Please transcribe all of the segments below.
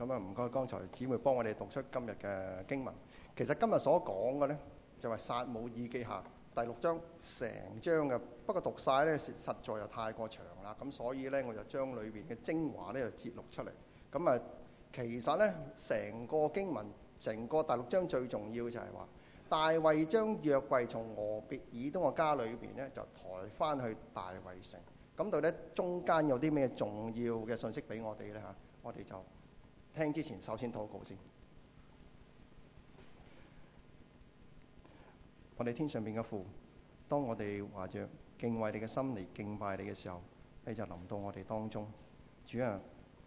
咁啊，唔該，剛才姊妹幫我哋讀出今日嘅經文。其實今日所講嘅咧，就係《撒母耳記下》第六章成章嘅。不過讀曬咧實在又太過長啦，咁所以咧我就將裏邊嘅精華咧就節錄出嚟。咁啊，其實咧成個經文，成個第六章最重要就係話大衛將約櫃從俄別以東嘅家裏邊咧就抬翻去大衛城。咁到底中間有啲咩重要嘅信息俾我哋咧？吓，我哋就～聽之前，首先禱告先。我哋天上邊嘅父，當我哋懷着敬畏你嘅心嚟敬拜你嘅時候，你就臨到我哋當中。主啊，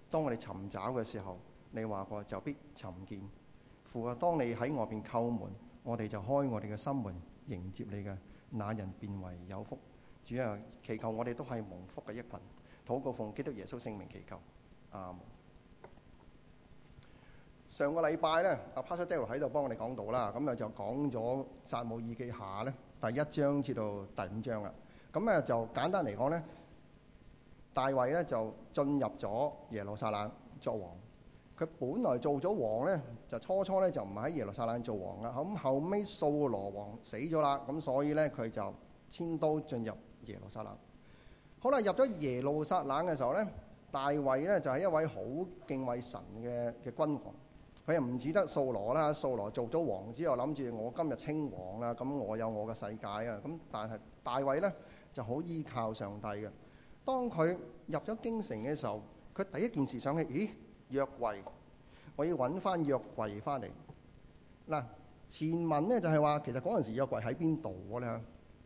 當我哋尋找嘅時候，你話過就必尋見。父啊，當你喺外邊叩門，我哋就開我哋嘅心門迎接你嘅，那人便為有福。主啊，祈求我哋都係蒙福嘅一群，禱告奉基督耶穌聖名祈求，阿們。上個禮拜咧，阿 Pastor Dele 喺度幫我哋講到啦，咁啊就講咗《撒母耳記下》咧第一章至到第五章啦。咁啊就簡單嚟講咧，大衛咧就進入咗耶路撒冷作王。佢本來做咗王咧，就初初咧就唔喺耶路撒冷做王嘅。咁後尾掃羅王死咗啦，咁所以咧佢就遷都進入耶路撒冷。好啦，入咗耶路撒冷嘅時候咧，大衛咧就係一位好敬畏神嘅嘅君王。佢又唔止得掃羅啦，掃羅做咗王之後，諗住我今日稱王啦，咁我有我嘅世界啊，咁但係大衛呢，就好依靠上帝嘅。當佢入咗京城嘅時候，佢第一件事想起：咦，約櫃，我要揾翻約櫃翻嚟。嗱，前文呢就係話，其實嗰陣時約櫃喺邊度嘅呢？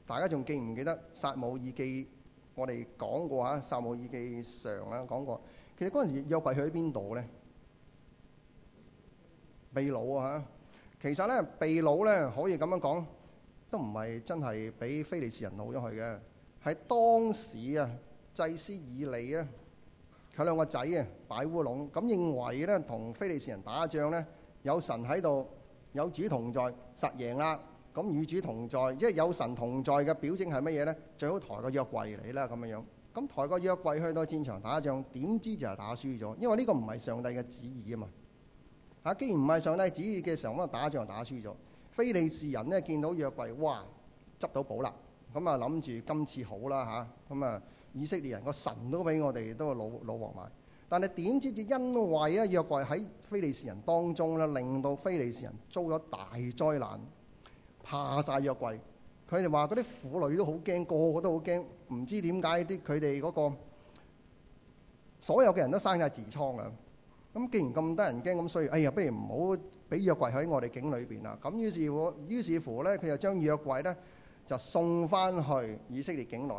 大家仲記唔記得撒母耳記我哋講過吓，撒母耳記上啊，講過，其實嗰陣時約櫃喺邊度呢？被擄啊，其實咧，被擄咧可以咁樣講，都唔係真係俾非利士人擄咗去嘅。喺當時啊，祭司以利啊，佢兩個仔啊擺烏龍，咁認為咧同非利士人打仗咧有神喺度，有主同在，實贏啦。咁與主同在，即係有神同在嘅表徵係乜嘢咧？最好抬個約櫃嚟啦咁嘅樣。咁抬個約櫃去到戰場打仗，點知就係打輸咗，因為呢個唔係上帝嘅旨意啊嘛。啊！既然唔係上帝旨意嘅時候，咁啊打仗打輸咗。非利士人咧見到約櫃，哇！執到寶啦，咁啊諗住今次好啦嚇，咁啊以色列人個神都俾我哋都老老王賣。但係點知就因為咧約櫃喺非利士人當中咧，令到非利士人遭咗大災難，怕晒約櫃。佢哋話嗰啲婦女都好驚，個個都好驚，唔知點解啲佢哋嗰個所有嘅人都生曬痔瘡啊！咁既然咁得人驚，咁所以哎呀，不如唔好俾約櫃喺我哋境裏邊啦。咁於是乎，於是乎咧，佢就將約櫃咧就送翻去以色列境內。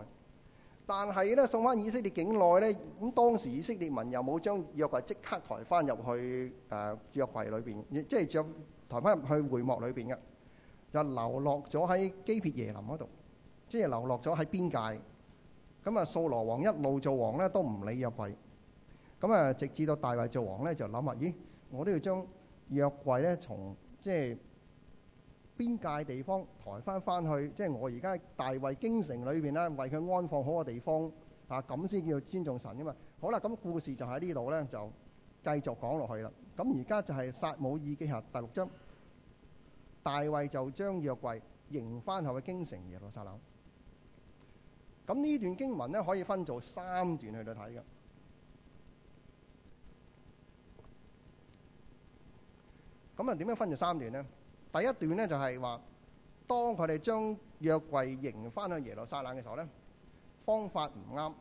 但係咧，送翻以色列境內咧，咁當時以色列民又冇將約櫃即刻抬翻入去誒約櫃裏邊，亦即係將抬翻入去會幕裏邊嘅，就流落咗喺基列耶琳嗰度，即係流落咗喺邊界。咁啊，掃羅王一路做王咧，都唔理約櫃。咁啊，直至到大衛做王咧，就諗啊，咦，我都要將約櫃咧從即係邊界地方抬翻翻去，即係我而家大衛京城裏邊咧，為佢安放好個地方啊，咁先叫做尊重神噶嘛。好啦，咁故事就喺呢度咧，就繼續講落去啦。咁而家就係撒母耳記下第六章，大衛就將約櫃迎翻去嘅京城耶路撒冷。咁呢段經文咧，可以分做三段去度睇嘅。咁啊，點樣分咗三段咧？第一段咧就係話，當佢哋將約櫃迎翻去耶路撒冷嘅時候咧，方法唔啱，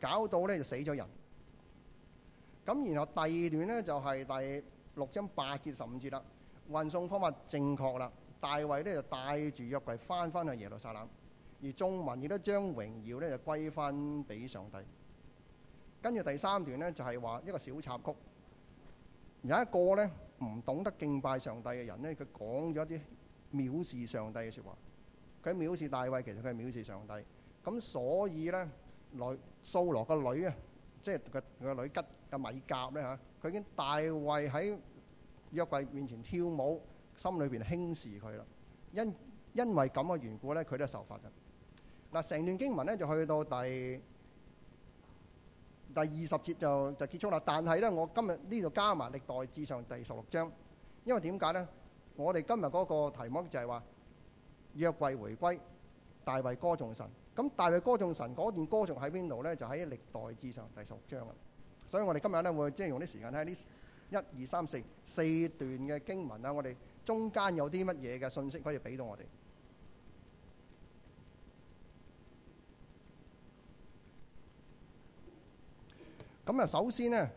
搞到咧就死咗人。咁然後第二段咧就係第六章八節十五節啦，運送方法正確啦，大衛咧就帶住約櫃翻翻去耶路撒冷，而眾民亦都將榮耀咧就歸翻俾上帝。跟住第三段咧就係話一個小插曲，有一個咧。唔懂得敬拜上帝嘅人咧，佢講咗一啲藐視上帝嘅説話。佢藐視大衛，其實佢係藐視上帝。咁所以咧，女掃羅個女啊，即係佢佢個女吉阿米甲咧嚇，佢已經大衛喺約櫃面前跳舞，心裏邊輕視佢啦。因因為咁嘅緣故咧，佢都係受罰㗎。嗱，成段經文咧就去到第。第二十節就就結束啦，但係咧，我今日呢度加埋歷代志上第十六章，因為點解咧？我哋今日嗰個題目就係話約櫃回歸，大衛歌頌神。咁大衛歌頌神嗰段歌頌喺邊度咧？就喺歷代志上第十六章啦。所以我哋今日咧會即係用啲時間睇下呢一二三四四段嘅經文啊。我哋中間有啲乜嘢嘅信息可以俾到我哋？咁啊，首先呢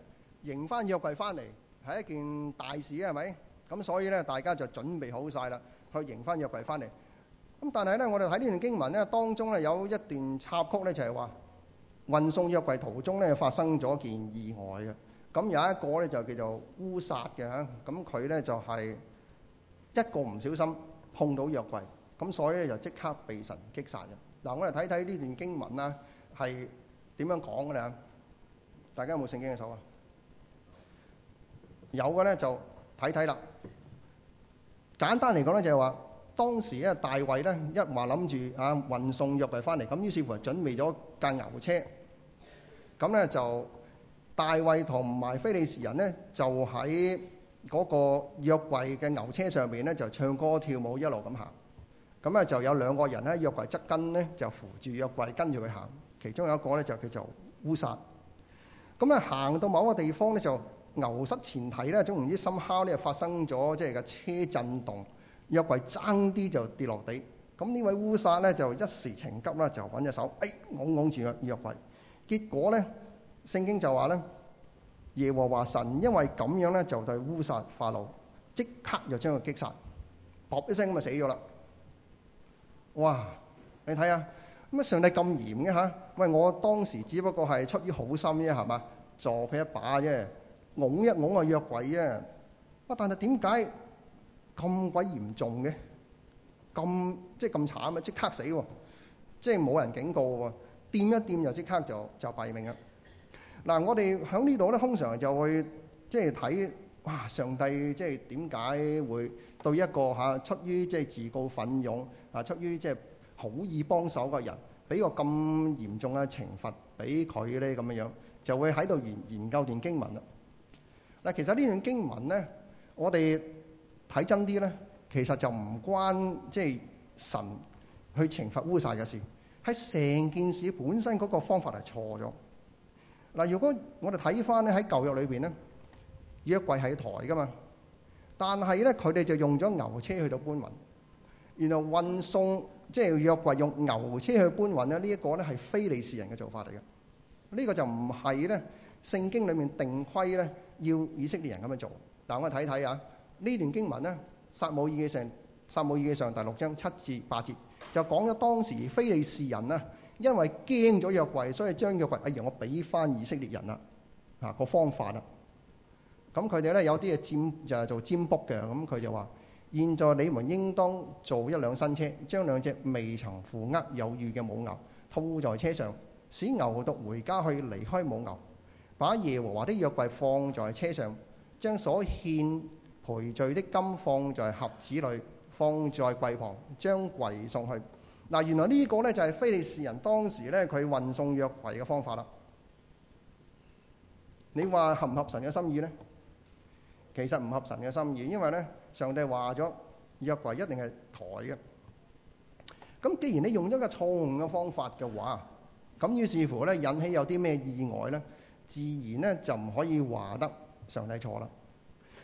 迎翻約櫃翻嚟係一件大事啊，係咪？咁所以呢，大家就準備好晒啦，去迎翻約櫃翻嚟。咁但係呢，我哋睇呢段經文呢，當中呢有一段插曲呢，就係話運送約櫃途中呢發生咗件意外啊。咁有一個呢就叫做烏撒嘅嚇，咁佢呢就係一個唔小心碰到約櫃，咁所以呢就即刻被神擊殺嘅。嗱，我哋睇睇呢段經文啦，係點樣講㗎咧？大家有冇聖經嘅手啊？有嘅咧就睇睇啦。簡單嚟講咧就係話，當時咧大衛咧一話諗住啊運送約櫃翻嚟，咁於是乎準備咗架牛車。咁咧就大衛同埋菲利士人咧就喺嗰個約櫃嘅牛車上邊咧就唱歌跳舞一路咁行。咁咧就有兩個人咧約櫃側跟咧就扶住約櫃跟住佢行，其中有一個咧就叫做烏撒。咁啊，行到某一個地方咧，就牛失前蹄咧，總唔知，深敲咧就發生咗，即係架車震動，約櫃爭啲就跌落地。咁呢位烏撒咧就一時情急啦，就揾隻手，哎，揾揾住約約櫃。結果咧，聖經就話咧，耶和華神因為咁樣咧，就對烏撒發怒，即刻又將佢擊殺，卜一聲咁啊死咗啦。哇，你睇下，咁啊上帝咁嚴嘅嚇。喂，我當時只不過係出於好心啫，係嘛？助佢一把啫，擁一擁啊，約櫃啫。但係點解咁鬼嚴重嘅？咁即係咁慘啊！即刻死喎，即係冇人警告喎，掂一掂就即刻就就斃命啦！嗱，我哋喺呢度咧，通常就會即係睇哇，上帝即係點解會對一個嚇出於即係自告奮勇啊，出於即係好意幫手嘅人，俾個咁嚴重嘅懲罰俾佢咧，咁樣樣就會喺度研研究段經文啦。嗱，其實呢段經文咧，我哋睇真啲咧，其實就唔關即係神去懲罰烏撒嘅事，喺成件事本身嗰個方法係錯咗。嗱，如果我哋睇翻咧喺舊約裏邊咧，約櫃係抬㗎嘛，但係咧佢哋就用咗牛車去到搬運，然後運送。即係用約櫃用牛車去搬運咧，呢、這、一個呢係非利士人嘅做法嚟嘅。呢、這個就唔係呢聖經裡面定規呢要以色列人咁樣做。嗱，我哋睇睇啊，呢段經文呢，撒母耳記上撒母耳記上第六章七至八節就講咗當時非利士人呢，因為驚咗約櫃，所以將約櫃，哎呀，我俾翻以色列人啦，啊、那個方法啦。咁佢哋呢有啲係占，就係、是、做占卜嘅，咁佢就話。現在你們應當做一輛新車，將兩隻未曾負軛有乳嘅母牛套在車上，使牛犢回家去離開母牛，把耶和華的約櫃放在車上，將所獻賠罪的金放在盒子裏，放在櫃旁，將櫃送去。嗱，原來呢個呢，就係非利士人當時呢，佢運送約櫃嘅方法啦。你話合唔合神嘅心意呢？其實唔合神嘅心意，因為呢。上帝話咗約櫃一定係抬嘅，咁既然你用咗個錯誤嘅方法嘅話，咁於是乎呢引起有啲咩意外呢？自然呢，就唔可以話得上帝錯啦。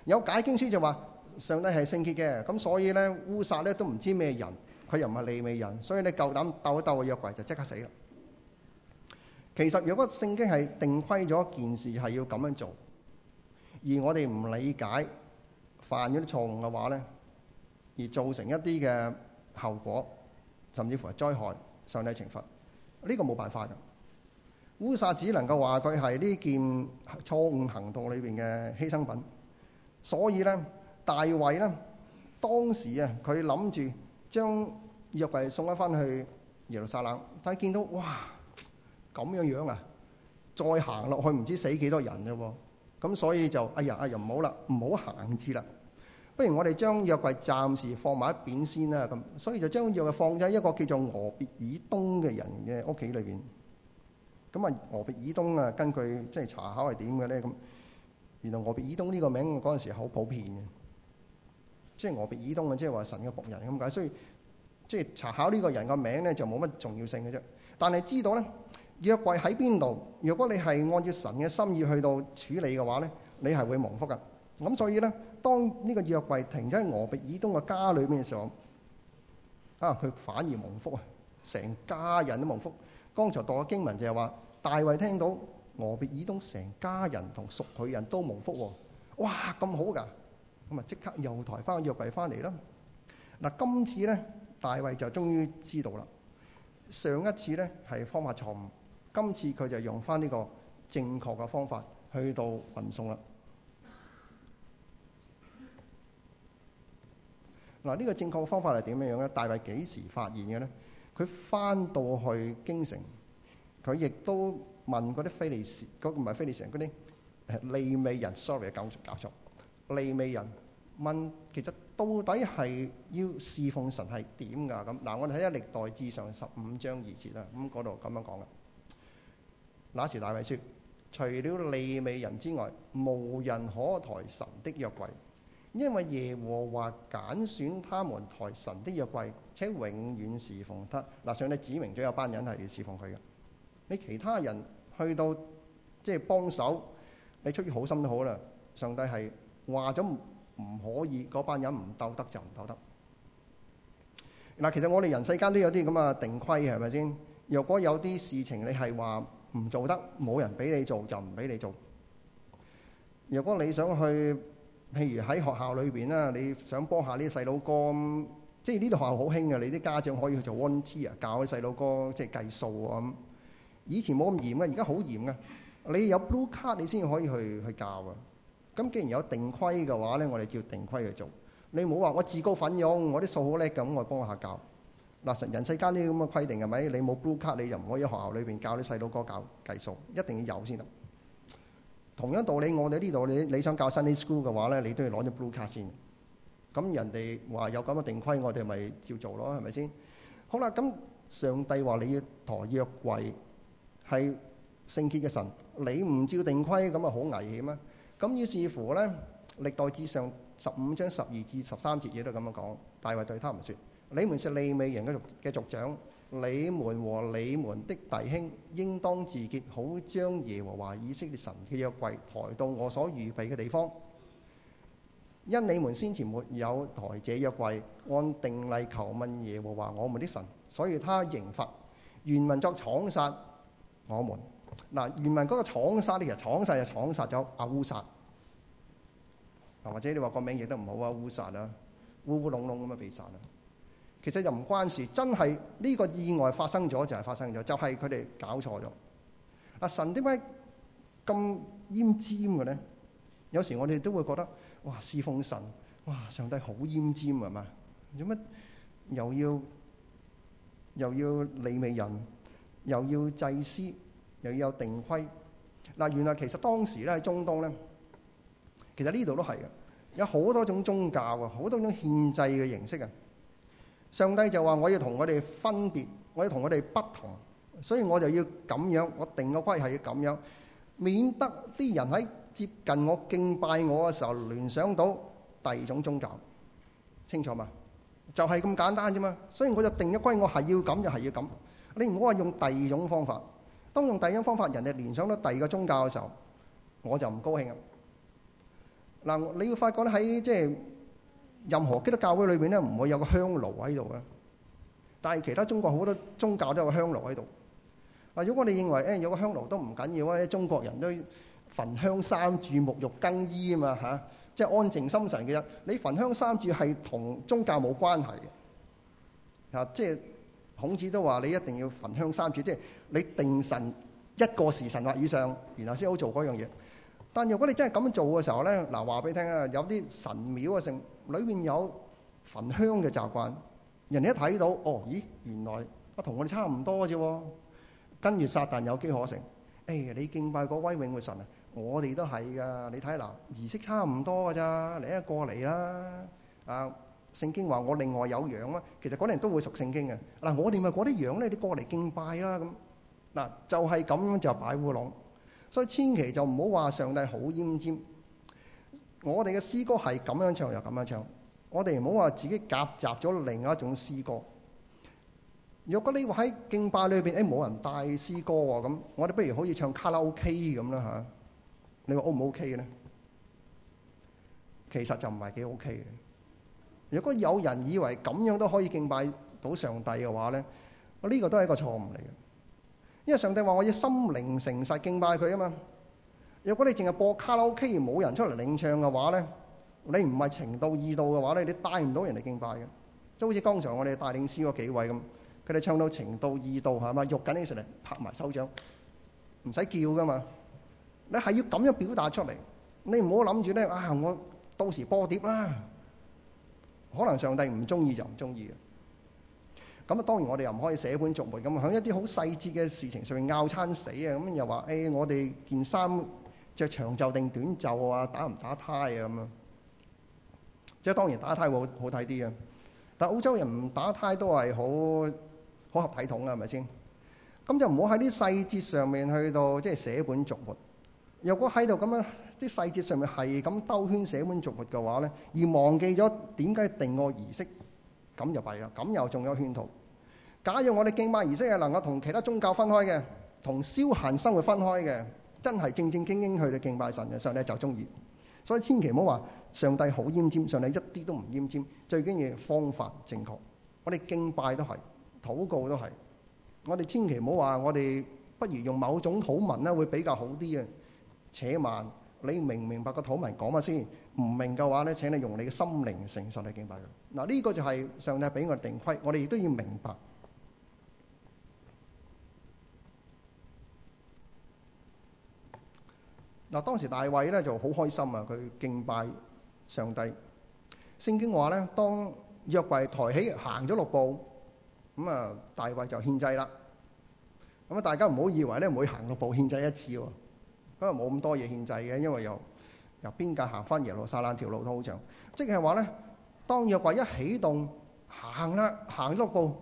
有解經書就話上帝係聖潔嘅，咁所以呢，烏撒呢都唔知咩人，佢又唔係利未人，所以你夠膽鬥一鬥個約櫃就即刻死啦。其實如果聖經係定規咗件事係要咁樣做，而我哋唔理解。犯咗啲錯誤嘅話咧，而造成一啲嘅後果，甚至乎係災害，上帝懲罰呢個冇辦法㗎。烏撒只能夠話佢係呢件錯誤行動裏邊嘅犧牲品，所以咧，大衛咧當時啊，佢諗住將約櫃送一翻去耶路撒冷，但係見到哇咁樣樣啊，再行落去唔知死幾多人㗎喎，咁所以就哎呀哎呀唔好啦，唔好行字啦。不如我哋將約櫃暫時放埋一邊先啦。咁，所以就將約櫃放喺一個叫做俄別以東嘅人嘅屋企裏邊。咁啊，俄別以東啊，根據即係查考係點嘅呢？咁原來俄別以東呢個名嗰陣時好普遍嘅，即係俄別以東啊，即係話神嘅僕人咁解。所以即係查考呢個人個名呢，就冇乜重要性嘅啫。但係知道呢，約櫃喺邊度？如果你係按照神嘅心意去到處理嘅話呢，你係會蒙福㗎。咁所以呢。當呢個約櫃停咗喺俄別以東嘅家裏面嘅時候，啊，佢反而蒙福啊！成家人都蒙福。剛才讀嘅經文就係話，大衛聽到俄別以東成家人同屬佢人都蒙福喎，哦。哇，咁好㗎！咁啊，即刻又抬翻個約櫃翻嚟啦。嗱，今次咧，大衛就終於知道啦。上一次咧係方法錯誤，今次佢就用翻呢個正確嘅方法去到運送啦。嗱，呢個正確嘅方法係點樣樣咧？大衛幾時發現嘅咧？佢返到去京城，佢亦都問嗰啲非利士，嗰唔係非利士人，嗰啲利未人，sorry，搞錯，利未人問，其實到底係要侍奉神係點㗎？咁嗱，我哋睇下歷代志上十五章二節啦，咁嗰度咁樣講嘅。那時大衛説：「除了利未人之外，無人可抬神的約櫃。」因為耶和華揀選他們抬神的約櫃，且永遠侍奉他。嗱，上帝指明咗有班人係要侍奉佢嘅。你其他人去到即係幫手，你出於好心都好啦。上帝係話咗唔可以，嗰班人唔鬥得就唔鬥得。嗱，其實我哋人世間都有啲咁嘅定規嘅，係咪先？若果有啲事情你係話唔做得，冇人俾你做就唔俾你做。若果你想去，譬如喺學校裏邊啊，你想幫下啲細佬哥，即係呢度學校好興啊，你啲家長可以去做 one teacher 教啲細佬哥，即係計數啊咁。以前冇咁嚴啊，而家好嚴啊。你有 blue card 你先可以去去教啊。咁既然有定規嘅話呢，我哋叫定規去做。你唔好話我自告奮勇，我啲數好叻咁，我幫下教。嗱，人世間啲咁嘅規定係咪？你冇 blue card 你又唔可以喺學校裏邊教啲細佬哥教計數，一定要有先得。同樣道理，我哋呢度你你想教 Sunday School 嘅話呢，你都要攞張 blue 卡先。咁人哋話有咁嘅定規，我哋咪照做咯，係咪先？好啦，咁上帝話你要抬約櫃，係聖潔嘅神，你唔照定規咁啊，好危險啊！咁於是乎呢，歷代志上十五章十二至十三節嘢都咁樣講。大衛對他們説：你們是利未人嘅族嘅族長。你們和你們的弟兄，應當自潔，好將耶和華以色列神嘅約櫃抬到我所預備嘅地方。因你們先前沒有抬這約櫃，按定例求問耶和華我們的神，所以他刑罰原文作闖殺我們。嗱，原文嗰個闖殺呢，其實闖殺就闖殺咗阿烏殺，或者你話個名譯得唔好啊，烏殺啊，烏烏隆隆咁啊被殺啊。其實又唔關事，真係呢個意外發生咗就係、是、發生咗，就係佢哋搞錯咗。嗱、啊，神點解咁奄尖嘅呢？有時我哋都會覺得哇，侍奉神，哇，上帝好奄尖啊嘛？做乜又要又要利未人，又要祭司，又要有定規？嗱、啊，原來其實當時咧喺中東咧，其實呢度都係嘅，有好多種宗教啊，好多種獻祭嘅形式啊。上帝就話：我要同我哋分別，我要同我哋不同，所以我就要咁樣，我定個規係要咁樣，免得啲人喺接近我敬拜我嘅時候聯想到第二種宗教，清楚嘛？就係咁簡單啫嘛。所以我就定一規，我係要咁就係要咁。你唔好話用第二種方法，當用第二種方法人哋聯想到第二個宗教嘅時候，我就唔高興啊！嗱，你要發覺咧喺即係。任何基督教會裏邊咧，唔會有個香爐喺度嘅。但係其他中國好多宗教都有個香爐喺度。嗱，如果我哋認為、哎、有個香爐都唔緊要啊，中國人都要焚香三炷、沐浴更衣嘛啊嘛嚇，即係安靜心神嘅。你焚香三炷係同宗教冇關係嘅啊，即係孔子都話你一定要焚香三炷，即係你定神一個時辰或以上，然後先好做嗰樣嘢。但如果你真係咁做嘅時候咧，嗱話俾你聽啊，有啲神廟啊，成，裏面有焚香嘅習慣，人哋一睇到，哦，咦，原來我同我哋差唔多嘅啫，跟住撒旦有機可乘。誒、哎，你敬拜嗰位永活神啊，我哋都係噶，你睇嗱，儀式差唔多嘅咋，你一過嚟啦。啊，聖經話我另外有樣啊，其實嗰啲人都會熟聖經嘅。嗱、啊，我哋咪嗰啲樣呢，你過嚟敬拜啦、啊、咁。嗱、啊，就係、是、咁樣就擺烏龍，所以千祈就唔好話上帝好奄尖。我哋嘅詩歌係咁樣唱又咁樣唱，我哋唔好話自己夾雜咗另一種詩歌。若果你話喺敬拜裏邊誒冇人帶詩歌喎，咁我哋不如可以唱卡拉 O K 咁啦嚇。你話 O 唔 O K 呢？其實就唔係幾 O K 嘅。如果有人以為咁樣都可以敬拜到上帝嘅話呢，我呢個都係一個錯誤嚟嘅，因為上帝話我要心靈誠實敬拜佢啊嘛。如果你淨係播卡拉 OK 而冇人出嚟領唱嘅話咧，你唔係情到意到嘅話咧，你帶唔到人哋敬拜嘅，就好似剛才我哋帶領詩嗰幾位咁，佢哋唱到情到意到係嘛，喐緊啲出嚟拍埋手掌，唔使叫噶嘛，你係要咁樣表達出嚟，你唔好諗住咧啊！我到時播碟啦，可能上帝唔中意就唔中意嘅。咁啊，當然我哋又唔可以捨本逐末咁，喺一啲好細節嘅事情上面拗餐死啊！咁又話誒，我哋件衫。着長袖定短袖啊，打唔打呔啊咁啊，即係當然打呔會好睇啲啊。但係澳洲人唔打呔都係好好合體統啊，係咪先？咁就唔好喺啲細節上面去到即係捨本逐末。若果喺度咁樣啲細節上面係咁兜圈捨本逐末嘅話呢，而忘記咗點解定個儀式，咁就弊啦。咁又仲有圈套。假如我哋敬拜儀式係能夠同其他宗教分開嘅，同消閒生活分開嘅。真係正正經經去到敬拜神嘅時候咧就中意，所以千祈唔好話上帝好奄尖，上帝一啲都唔奄尖，最緊要方法正確。我哋敬拜都係，禱告都係，我哋千祈唔好話我哋不如用某種土文咧會比較好啲啊。且慢，你明唔明白個土文講下先？唔明嘅話咧，請你用你嘅心靈誠實嚟敬拜佢。嗱，呢個就係上帝俾我哋定規，我哋亦都要明白。嗱，當時大衛咧就好開心啊！佢敬拜上帝。聖經話咧，當約櫃抬起行咗六步，咁啊大衛就獻祭啦。咁啊大家唔好以為咧每行六步獻祭一次喎，因為冇咁多嘢獻祭嘅，因為由由邊界行翻耶路撒冷條路都好長。即係話咧，當約櫃一起動行啦，行咗六步，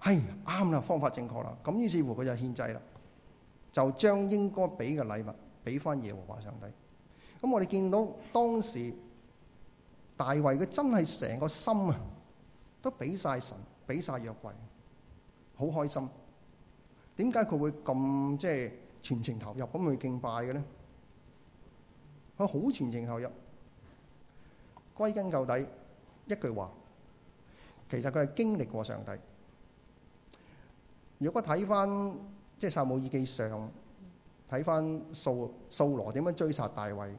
係啱啦，方法正確啦。咁於是乎佢就獻祭啦，就將應該俾嘅禮物。俾翻耶和華上帝，咁我哋見到當時大衛佢真係成個心啊，都俾晒神，俾晒約櫃，好開心。點解佢會咁即係全情投入咁去敬拜嘅咧？佢好全情投入。歸根究底一句話，其實佢係經歷過上帝。如果睇翻即係撒母耳記上。睇翻掃掃羅點樣追殺大衛，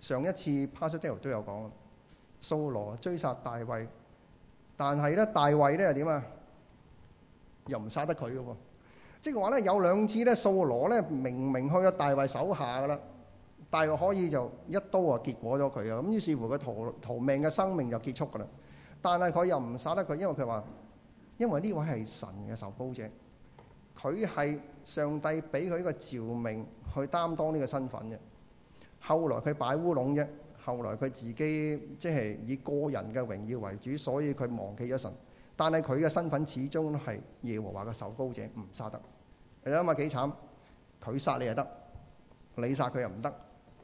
上一次 pastor 都有講，掃羅追殺大衛，但係咧大衛咧又點啊？又唔殺得佢嘅喎，即係話咧有兩次咧掃羅咧明明去咗大衛手下嘅啦，大衛可以就一刀啊結果咗佢啊，咁於是乎佢逃逃命嘅生命就結束嘅啦，但係佢又唔殺得佢，因為佢話，因為呢位係神嘅受膏者，佢係。上帝俾佢一個召命去擔當呢個身份嘅，後來佢擺烏龍啫，後來佢自己即係以個人嘅榮耀為主，所以佢忘記咗神。但係佢嘅身份始終係耶和華嘅受膏者，唔殺得。你諗下幾慘？佢殺你又得，你殺佢又唔得，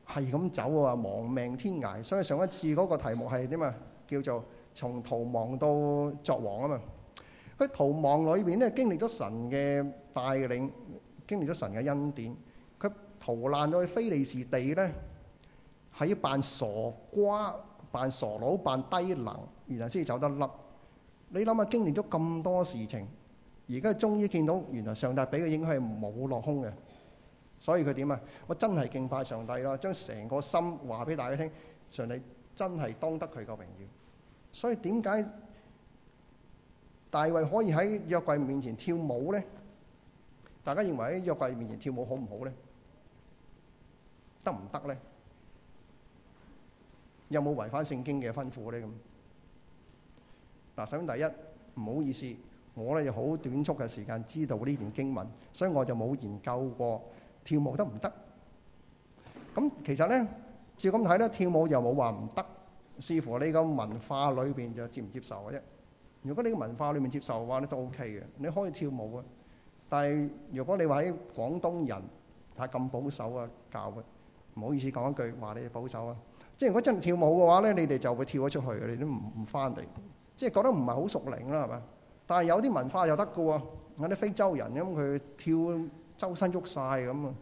係咁走啊，亡命天涯。所以上一次嗰個題目係點啊？叫做從逃亡到作王啊嘛。佢逃亡裏邊咧，經歷咗神嘅帶領，經歷咗神嘅恩典。佢逃難到去非利士地咧，係要扮傻瓜、扮傻佬、扮低能，然後先至走得甩。你諗下，經歷咗咁多事情，而家終於見到，原來上帝俾嘅影響係冇落空嘅。所以佢點啊？我真係敬拜上帝咯，將成個心話俾大家聽，上帝真係當得佢個榮耀。所以點解？大衛可以喺約櫃面前跳舞咧？大家認為喺約櫃面前跳舞好唔好咧？得唔得咧？有冇違反聖經嘅吩咐咧？咁嗱，首先第一，唔好意思，我咧就好短促嘅時間知道呢段經文，所以我就冇研究過跳舞得唔得。咁其實咧，照咁睇咧，跳舞又冇話唔得，視乎你個文化裏邊就接唔接受嘅啫。如果你個文化裏面接受嘅話，你都 O K 嘅。你可以跳舞啊，但係如果你話喺廣東人太咁保守啊，教嘅唔好意思講一句話，你保守啊。即係如果真係跳舞嘅話咧，你哋就會跳咗出去，你都唔唔翻嚟。即係覺得唔係好屬靈啦，係咪？但係有啲文化又得㗎喎，嗱啲非洲人咁佢跳周身喐晒咁啊，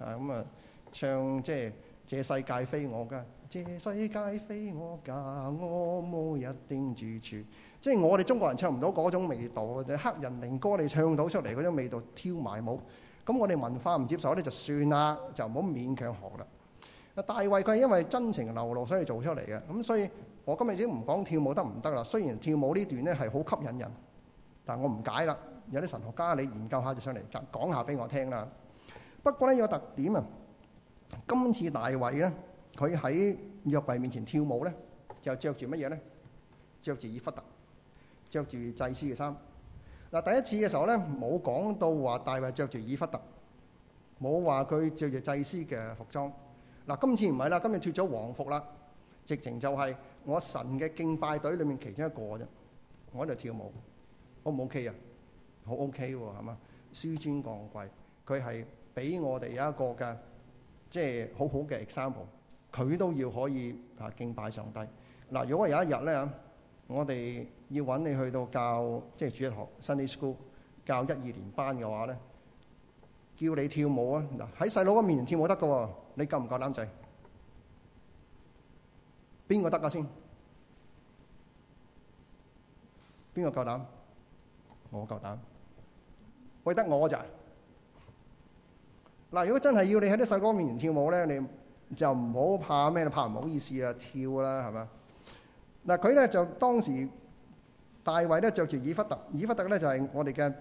係咁啊，唱即係這世界非我家。這世界非我家，我冇一定住處，即係我哋中國人唱唔到嗰種味道嘅，黑人靈歌你唱到出嚟嗰種味道，跳埋舞。咁我哋文化唔接受呢，就算啦，就唔好勉強學啦。大衛佢係因為真情流露，所以做出嚟嘅。咁所以，我今日已經唔講跳舞得唔得啦。雖然跳舞呢段呢係好吸引人，但我唔解啦。有啲神學家你研究下就上嚟講下俾我聽啦。不過呢，有特點啊，今次大衛咧。佢喺約櫃面前跳舞咧，就著住乜嘢咧？著住以弗特，著住祭司嘅衫。嗱，第一次嘅時候咧，冇講到話大衛著住以弗特，冇話佢著住祭司嘅服裝。嗱，今次唔係啦，今日脫咗皇服啦，直情就係我神嘅敬拜隊裏面其中一個啫。我喺度跳舞，O 唔 O K 啊？好 O K 喎，係嘛？紆尊降貴，佢係俾我哋有一個嘅即係好好嘅 example。佢都要可以啊，敬拜上帝。嗱，如果有一日咧，我哋要揾你去到教即係主日學 Sunday School 教一二年班嘅話，咧，叫你跳舞啊！嗱，喺細佬個面前跳舞得㗎喎，你夠唔夠膽仔？邊個得㗎先？邊個夠膽？我夠膽，喂，得我咋？嗱，如果真係要你喺啲細哥面前跳舞咧，你？就唔好怕咩，怕唔好意思啊，跳啦，係咪？嗱，佢咧就當時大衛咧着住以弗特，以弗特咧就係、是、我哋嘅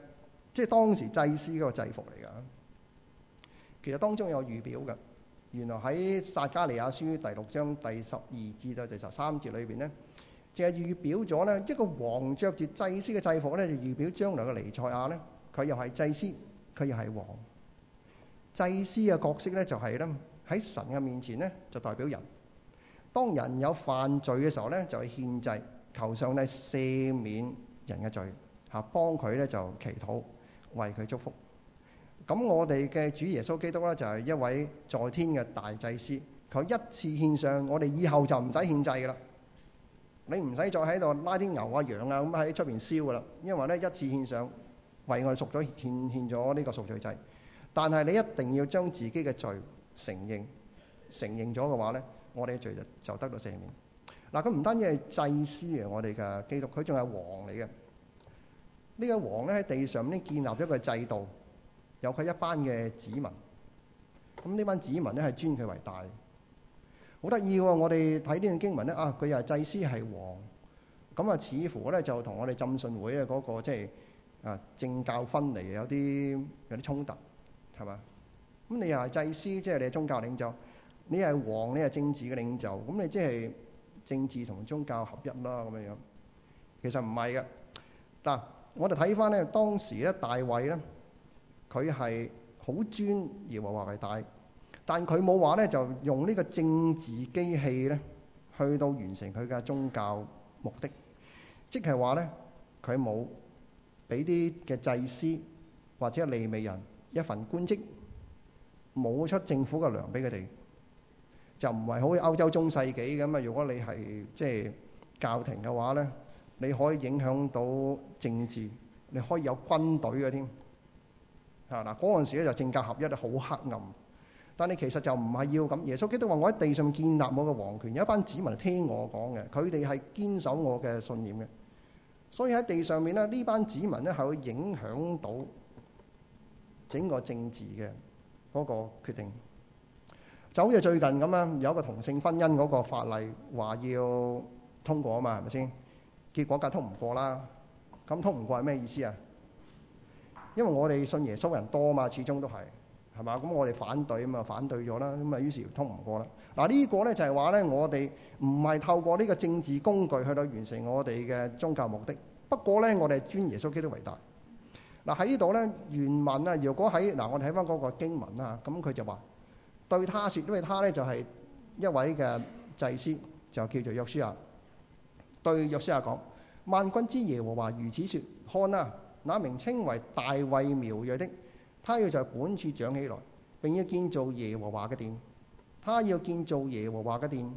即係當時祭司嗰個制服嚟㗎。其實當中有預表嘅，原來喺撒迦利亞書第六章第十二至到第十三節裏邊咧，淨係預表咗咧一個王着住祭司嘅制服咧，就預表將來嘅彌賽亞咧，佢又係祭司，佢又係王。祭司嘅角色咧就係、是、咧。喺神嘅面前呢，就代表人。當人有犯罪嘅時候呢，就係獻祭，求上帝赦免人嘅罪，嚇幫佢呢就祈禱為佢祝福。咁我哋嘅主耶穌基督呢，就係一位在天嘅大祭司，佢一次獻上，我哋以後就唔使獻祭噶啦。你唔使再喺度拉啲牛啊羊啊咁喺出邊燒噶啦，因為呢一次獻上為我哋贖咗獻獻咗呢個贖罪祭。但係你一定要將自己嘅罪，承認承認咗嘅話呢，我哋嘅罪就就得到赦免。嗱，佢唔單止係祭司啊，我哋嘅基督，佢仲係王嚟嘅。呢個王呢，喺地上呢建立咗一個制度，有佢一班嘅子民。咁呢班子民呢，係尊佢為大。好得意喎！我哋睇呢段經文呢，啊，佢又係祭司，係王。咁啊，似乎呢，就同我哋浸信會嘅嗰個即係啊、政教分離有啲有啲衝突，係嘛？咁你又係祭司，即係你係宗教領袖；你係王，你係政治嘅領袖。咁你即係政治同宗教合一啦，咁樣樣其實唔係嘅嗱。我哋睇翻咧，當時咧，大衛咧，佢係好尊耶和華為大，但佢冇話咧，就用呢個政治機器咧去到完成佢嘅宗教目的，即係話咧，佢冇俾啲嘅祭司或者利未人一份官職。冇出政府嘅糧俾佢哋，就唔係好似歐洲中世紀咁啊！如果你係即係教廷嘅話呢，你可以影響到政治，你可以有軍隊嘅添啊！嗱嗰陣時咧就政教合一咧好黑暗，但你其實就唔係要咁。耶穌基督話：我喺地上建立我嘅皇權，有一班子民聽我講嘅，佢哋係堅守我嘅信念嘅。所以喺地上面呢，呢班子民咧係會影響到整個政治嘅。嗰個決定就好似最近咁樣，有一個同性婚姻嗰個法例話要通過啊嘛，係咪先？結果梗通唔過啦。咁通唔過係咩意思啊？因為我哋信耶穌人多嘛，始終都係係嘛。咁我哋反對啊嘛，反對咗啦。咁啊，於是通唔過啦。嗱呢個呢，就係話呢，我哋唔係透過呢個政治工具去到完成我哋嘅宗教目的。不過呢，我哋尊耶穌基督為大。嗱喺呢度呢，原文啊，如果喺嗱、啊，我哋睇翻嗰個經文啊，咁、嗯、佢就話對他說，因為他呢，他咧就係、是、一位嘅祭司，就叫做約書亞。對約書亞講，萬軍之耶和華如此說，看啊，那名稱為大衛苗裔的，他要在本處長起來，並要建造耶和華嘅殿。他要建造耶和華嘅殿，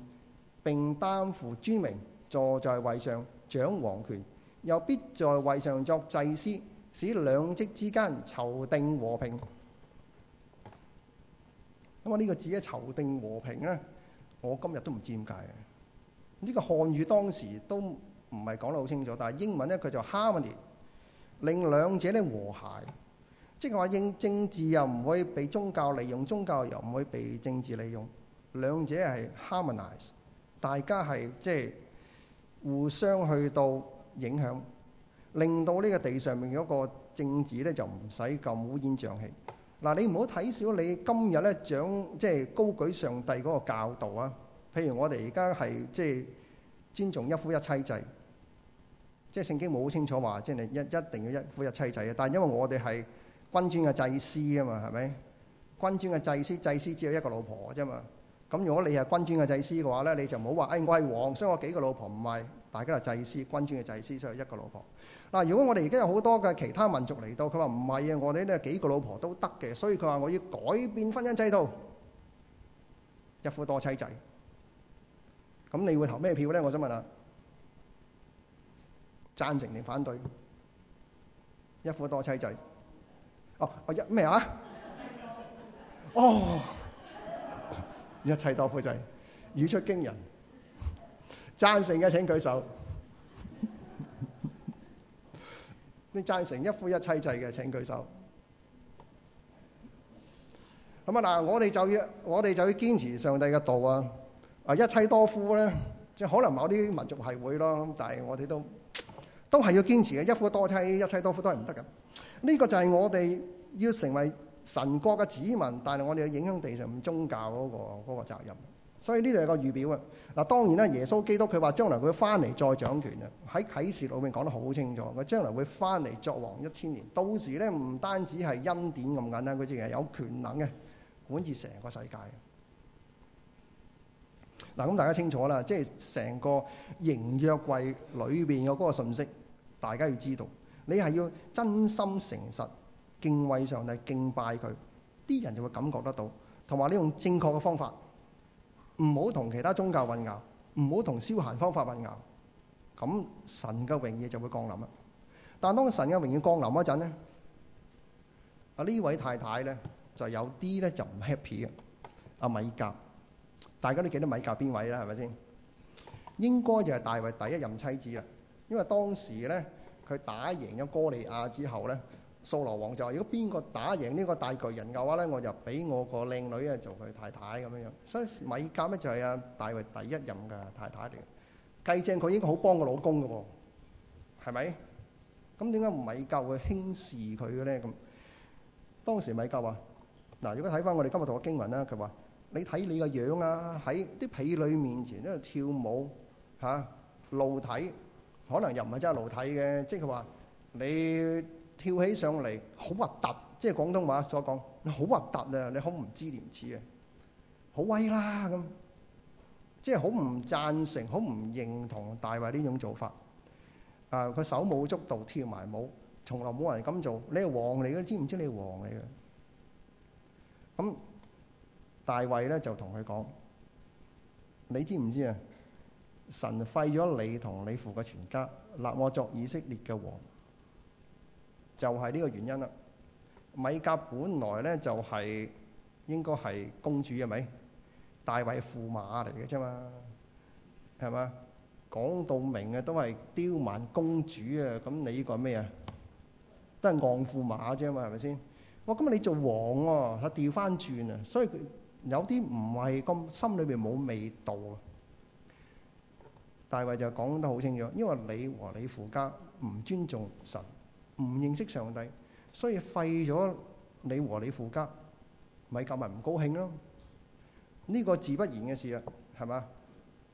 並擔負尊名，坐在位上掌王權，又必在位上作祭司。使兩職之間籌定和平。咁啊，呢個字咧籌定和平呢，我今日都唔知點解。呢、呢個漢語當時都唔係講得好清楚，但係英文呢，佢就 harmony，令兩者呢和諧，即係話政政治又唔會被宗教利用，宗教又唔會被政治利用，兩者係 harmonize，大家係即係互相去到影響。令到呢個地上面嗰個政治呢，就唔使咁烏煙瘴氣。嗱，你唔好睇小你今日呢講即係高舉上帝嗰個教導啊。譬如我哋而家係即係尊重一夫一妻制，即係聖經冇好清楚話即係你一一定要一夫一妻制啊。但係因為我哋係君尊嘅祭司啊嘛，係咪？君尊嘅祭司，祭司只有一個老婆啫嘛。咁如果你係君尊嘅祭司嘅話呢，你就唔好話誒我係王，所以我幾個老婆唔係。大家係祭司、君尊嘅祭司，所以一個老婆。嗱，如果我哋而家有好多嘅其他民族嚟到，佢話唔係啊，我哋呢個幾個老婆都得嘅，所以佢話我要改變婚姻制度，一夫多妻制。咁你會投咩票呢？我想問下，贊成定反對？一夫多妻制。哦、啊，我一咩啊？哦，一妻多夫制，語出驚人。贊成嘅請舉手。 你贊成一夫一妻制嘅請舉手。咁啊嗱，我哋就要我哋就要堅持上帝嘅道啊！啊，一妻多夫咧，即係可能某啲民族係會咯，但係我哋都都係要堅持嘅，一夫多妻、一妻多夫都係唔得㗎。呢個就係我哋要成為神國嘅子民，但係我哋要影響地上宗教嗰個嗰個責任。所以呢度有個預表啊！嗱，當然啦，耶穌基督佢話將來會翻嚟再掌權啊！喺啟示裏面講得好清楚，佢將來會翻嚟作王一千年。到時呢，唔單止係恩典咁簡單，佢淨係有權能嘅，管治成個世界。嗱，咁大家清楚啦，即係成個營約櫃裏邊嘅嗰個信息，大家要知道。你係要真心誠實敬畏上帝、敬拜佢，啲人就會感覺得到。同埋你用正確嘅方法。唔好同其他宗教混淆，唔好同消閒方法混淆，咁神嘅榮耀就會降臨啦。但當神嘅榮耀降臨嗰陣呢，啊呢位太太呢就有啲呢就唔 happy 嘅。阿米甲，大家都記得米甲邊位啦，係咪先？應該就係大衛第一任妻子啦，因為當時呢，佢打贏咗哥利亞之後呢。掃羅王就話：如果邊個打贏呢個大巨人嘅話咧，我就俾我個靚女啊做佢太太咁樣樣。所以米甲咧就係啊大衛第一任嘅太太嚟。計正佢應該好幫個老公嘅喎，係咪？咁點解米甲會輕視佢嘅咧？咁當時米甲話：嗱，如果睇翻我哋今日同嘅經文啦，佢話你睇你個樣啊，喺啲婢女面前喺度跳舞嚇露體，可能又唔係真係露體嘅，即係佢話你。跳起上嚟，好核突，即係廣東話所講，你好核突啊！你好唔知廉恥啊，好威啦咁，即係好唔贊成、好唔認同大衛呢種做法。啊，佢手舞足蹈跳埋舞，從來冇人咁做。你係王嚟嘅，你知唔知你係王嚟嘅？咁大衛呢，就同佢講：你知唔知啊？神廢咗你同你父嘅全家，立我作以色列嘅王。就係呢個原因啦。米甲本來咧就係、是、應該係公主，係咪，大衛駙馬嚟嘅啫嘛，係嘛？講到明啊都係刁蠻公主啊，咁你呢個係咩啊？都係昂駙馬啫嘛，係咪先？哇，咁你做王喎、啊，調翻轉啊！所以佢有啲唔係咁心裏邊冇味道啊。大衛就講得好清楚，因為你和你父家唔尊重神。唔認識上帝，所以廢咗你和你父家，米甲咪唔高興咯。呢、這個自不然嘅事啊，係嘛？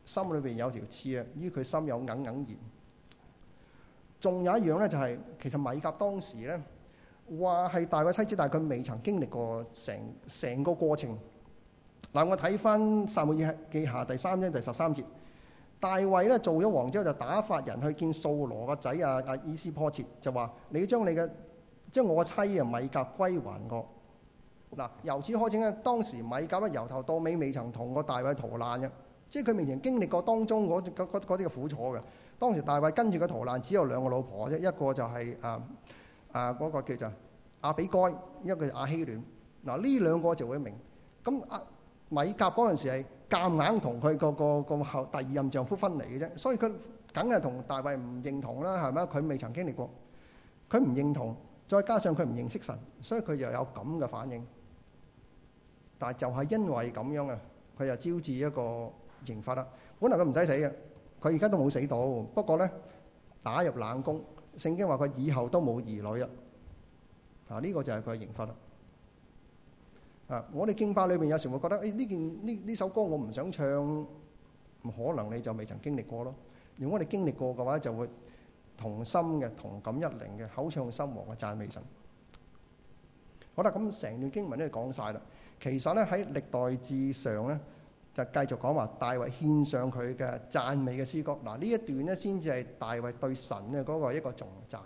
心裏邊有條刺啊，於佢心有耿耿然。仲有一樣呢、就是，就係其實米甲當時呢話係大個妻子，但係佢未曾經歷過成成個過程。嗱，我睇翻撒母耳記下第三章第十三節。大衛咧做咗王之後就打發人去見掃羅個仔啊啊伊斯波切就話：你將你嘅將我個妻啊米甲歸還我。嗱、啊，由此開始咧，當時米甲咧由頭到尾未曾同過大衛逃難嘅，即係佢明明經歷過當中嗰啲嘅苦楚嘅。當時大衛跟住佢逃難只有兩個老婆啫，一個就係、是、啊啊嗰、那個叫做阿比該，一個就阿希暖。嗱、啊，呢兩個就會明。咁阿、啊、米甲嗰陣時係。夾硬同佢個個個後第二任丈夫分離嘅啫，所以佢梗係同大衛唔認同啦，係咪？佢未曾經歷過，佢唔認同，再加上佢唔認識神，所以佢就有咁嘅反應。但係就係因為咁樣啊，佢就招致一個刑罰啦。本來佢唔使死嘅，佢而家都冇死到，不過呢，打入冷宮。聖經話佢以後都冇兒女啦。啊，呢個就係佢嘅刑罰啦。啊！我哋經巴裏面有時會覺得，誒、欸、呢件呢呢首歌我唔想唱，可能你就未曾經歷過咯。如果我哋經歷過嘅話，就會同心嘅同感一靈嘅口唱心和嘅讚美神。好啦，咁成段經文都係講晒啦。其實咧喺歷代志上咧，就繼續講話大衛獻上佢嘅讚美嘅詩歌。嗱呢一段咧先至係大衛對神嘅嗰個一個頌讚。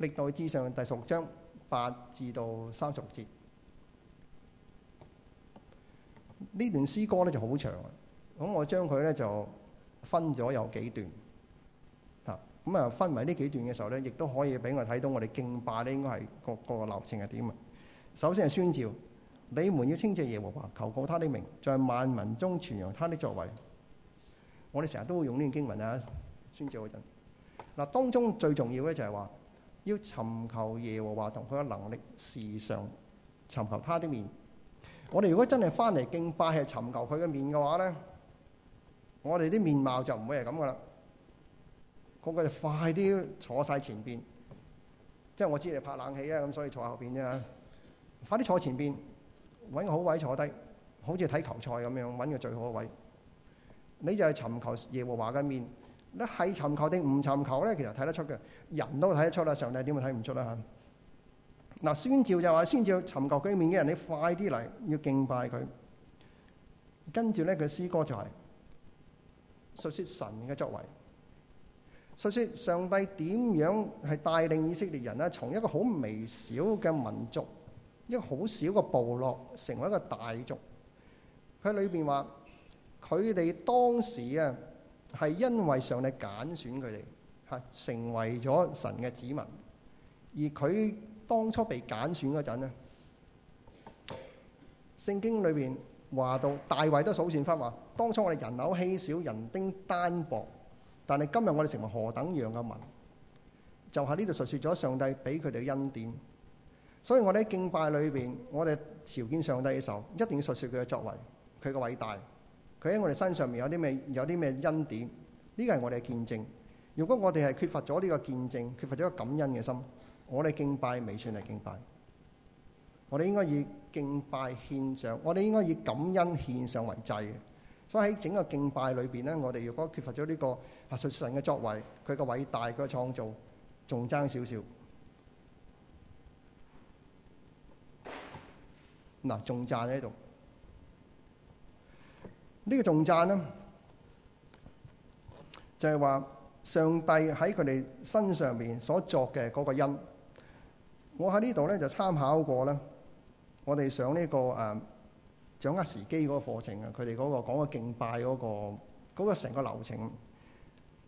歷代志上第十六章。八至到三十節，段詩呢段詩歌咧就好長啊！咁我將佢咧就分咗有幾段啊。咁啊，分為呢幾段嘅時候咧，亦都可以俾我睇到我哋敬拜呢應該係各個流程係點啊。首先係宣召，你們要稱謝耶和華，求告他的名，在萬民中傳揚他的作為。我哋成日都會用呢段經文啊，宣召嗰陣。嗱、啊，當中最重要咧就係話。要尋求耶和華同佢嘅能力，時常尋求他的面。我哋如果真係翻嚟敬拜係尋求佢嘅面嘅話呢，我哋啲面貌就唔會係咁噶啦。個個就快啲坐晒前邊，即係我知你拍冷氣啊，咁所以坐後邊啫。快啲坐前邊，揾個好位坐低，好似睇球賽咁樣，揾個最好位。你就係尋求耶和華嘅面。一係尋求定唔尋求呢？其實睇得出嘅，人都睇得出啦。上帝點會睇唔出呢吓？嗱、啊，宣召就話：宣召尋求佢面嘅人，你快啲嚟，要敬拜佢。跟住呢，佢詩歌就係述説神嘅作為，述説上帝點樣係帶領以色列人呢？從一個好微小嘅民族，一個好小嘅部落，成為一個大族。佢裏邊話：佢哋當時啊。係因為上帝揀選佢哋，嚇成為咗神嘅子民。而佢當初被揀選嗰陣咧，聖經裏邊話到大衛都數算翻話：當初我哋人口稀少、人丁單薄，但係今日我哋成為何等樣嘅民，就喺呢度述説咗上帝俾佢哋嘅恩典。所以我哋喺敬拜裏邊，我哋朝見上帝嘅時候，一定要述説佢嘅作為、佢嘅偉大。佢喺我哋身上面有啲咩？有啲咩恩典？呢個係我哋嘅見證。如果我哋係缺乏咗呢個見證，缺乏咗個感恩嘅心，我哋敬拜未算係敬拜。我哋應該以敬拜獻上，我哋應該以感恩獻上為祭。所以喺整個敬拜裏邊呢，我哋若果缺乏咗呢個述神嘅作為，佢嘅偉大，佢嘅創造，仲爭少少。嗱，仲讚喺度。呢個重讚咧，就係話上帝喺佢哋身上面所作嘅嗰個恩。我喺呢度呢，就參考過咧，我哋上呢個誒掌握時機嗰個課程啊，佢哋嗰個講嘅敬拜嗰個嗰個成個流程。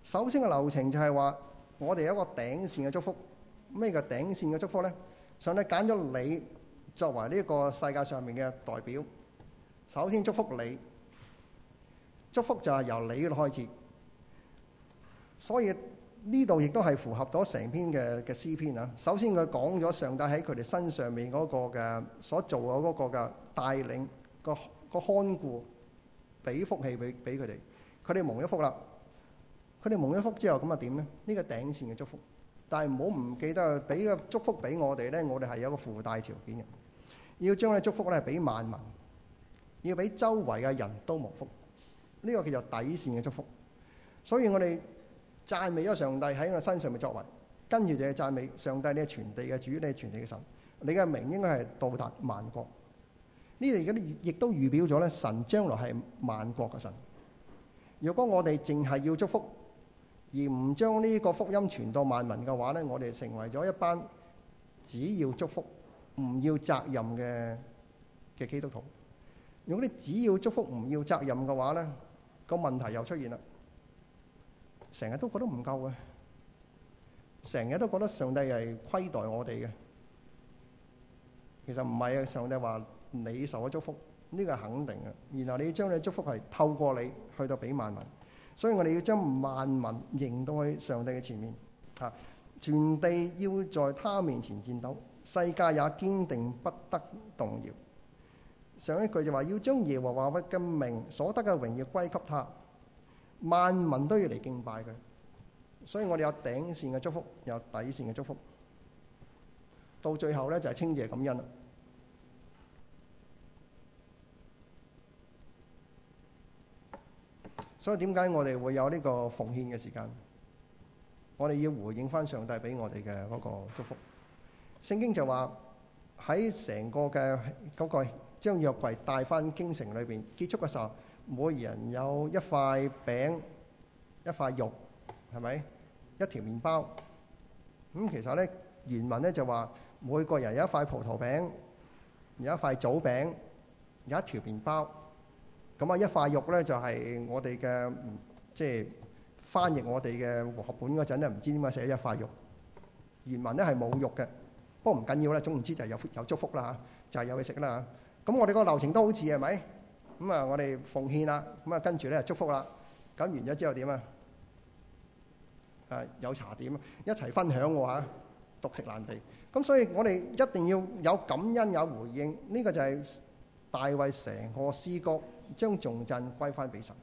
首先嘅流程就係話，我哋有一個頂線嘅祝福，咩叫頂線嘅祝福呢？上帝揀咗你作為呢一個世界上面嘅代表，首先祝福你。祝福就係由你度開始，所以呢度亦都係符合咗成篇嘅嘅詩篇啊。首先佢講咗上帝喺佢哋身上面嗰個嘅所做嘅嗰個嘅帶領、個個看顧、俾福氣俾俾佢哋。佢哋蒙一福啦，佢哋蒙一福之後咁啊點呢？呢個頂線嘅祝福，但係唔好唔記得俾個祝福俾我哋呢，我哋係有個附帶條件嘅，要將呢祝福呢俾萬民，要俾周圍嘅人都蒙福。呢個其實底線嘅祝福，所以我哋讚美咗上帝喺我身上嘅作為，跟住就去讚美上帝，你係全地嘅主，你係全地嘅神，你嘅名應該係到達萬國。呢度而家亦都預表咗咧，神將來係萬國嘅神。如果我哋淨係要祝福，而唔將呢個福音傳到萬民嘅話咧，我哋成為咗一班只要祝福唔要責任嘅嘅基督徒。如果你只要祝福唔要責任嘅話咧，個問題又出現啦，成日都覺得唔夠嘅，成日都覺得上帝係虧待我哋嘅。其實唔係啊，上帝話你受咗祝福，呢個係肯定嘅。然後你要將你嘅祝福係透過你去到俾萬民，所以我哋要將萬民迎到去上帝嘅前面。嚇，全地要在他面前戰鬥，世界也堅定不得動搖。上一句就話要將耶和華佢嘅名所得嘅榮耀歸給他，萬民都要嚟敬拜佢。所以我哋有頂線嘅祝福，有底線嘅祝福，到最後咧就係清謝感恩啦。所以點解我哋會有呢個奉獻嘅時間？我哋要回應翻上帝俾我哋嘅嗰個祝福。聖經就話喺成個嘅嗰個。將約櫃帶翻京城裏邊，結束嘅時候每個人有一塊餅、一塊肉，係咪一條麵包？咁、嗯、其實咧原文咧就話每個人有一塊葡萄餅、有一塊棗餅、有一條麵包。咁、嗯、啊，一塊肉咧就係、是、我哋嘅，即、就、係、是、翻譯我哋嘅和合本嗰陣咧，唔知點解寫一塊肉。原文咧係冇肉嘅，不過唔緊要啦，總唔知就係有有祝福啦，就係、是、有嘢食啦。咁我哋個流程都好似係咪？咁啊，我哋奉獻啦，咁啊跟住咧祝福啦，咁完咗之後點啊？係有茶點，一齊分享喎嚇，獨食難肥。咁所以我哋一定要有感恩有回應，呢、這個就係大衛成個詩歌將重鎮歸翻俾神。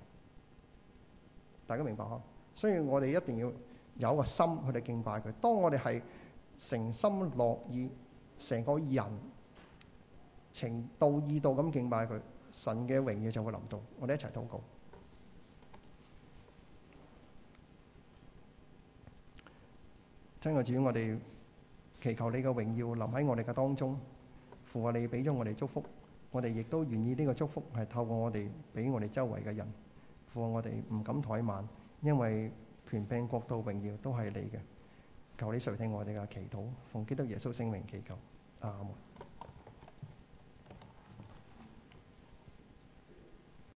大家明白嗬？所以我哋一定要有個心去嚟敬拜佢。當我哋係誠心樂意，成個人。情到意到咁敬拜佢，神嘅榮耀就會臨到。我哋一齊禱告。親愛主，我哋祈求你嘅榮耀臨喺我哋嘅當中，符合你俾咗我哋祝福。我哋亦都願意呢個祝福係透過我哋俾我哋周圍嘅人，符合我哋唔敢怠慢，因為權柄、國度、榮耀都係你嘅。求你垂聽我哋嘅祈禱，奉基督耶穌聖名祈求，阿門。